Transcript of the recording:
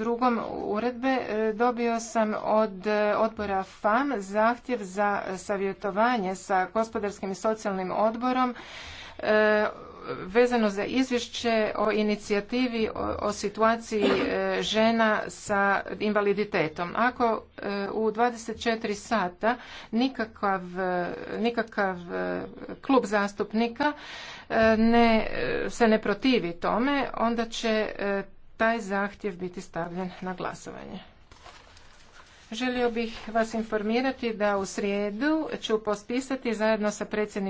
drugom uredbe e, dobio sam od e, odbora FAM zahtjev za savjetovanje sa gospodarskim i socijalnim odborom e, vezano za izvješće o inicijativi o, situaciji žena sa invaliditetom. Ako u 24 sata nikakav, nikakav klub zastupnika ne, se ne protivi tome, onda će taj zahtjev biti stavljen na glasovanje. Želio bih vas informirati da u srijedu ću pospisati zajedno sa predsjednikom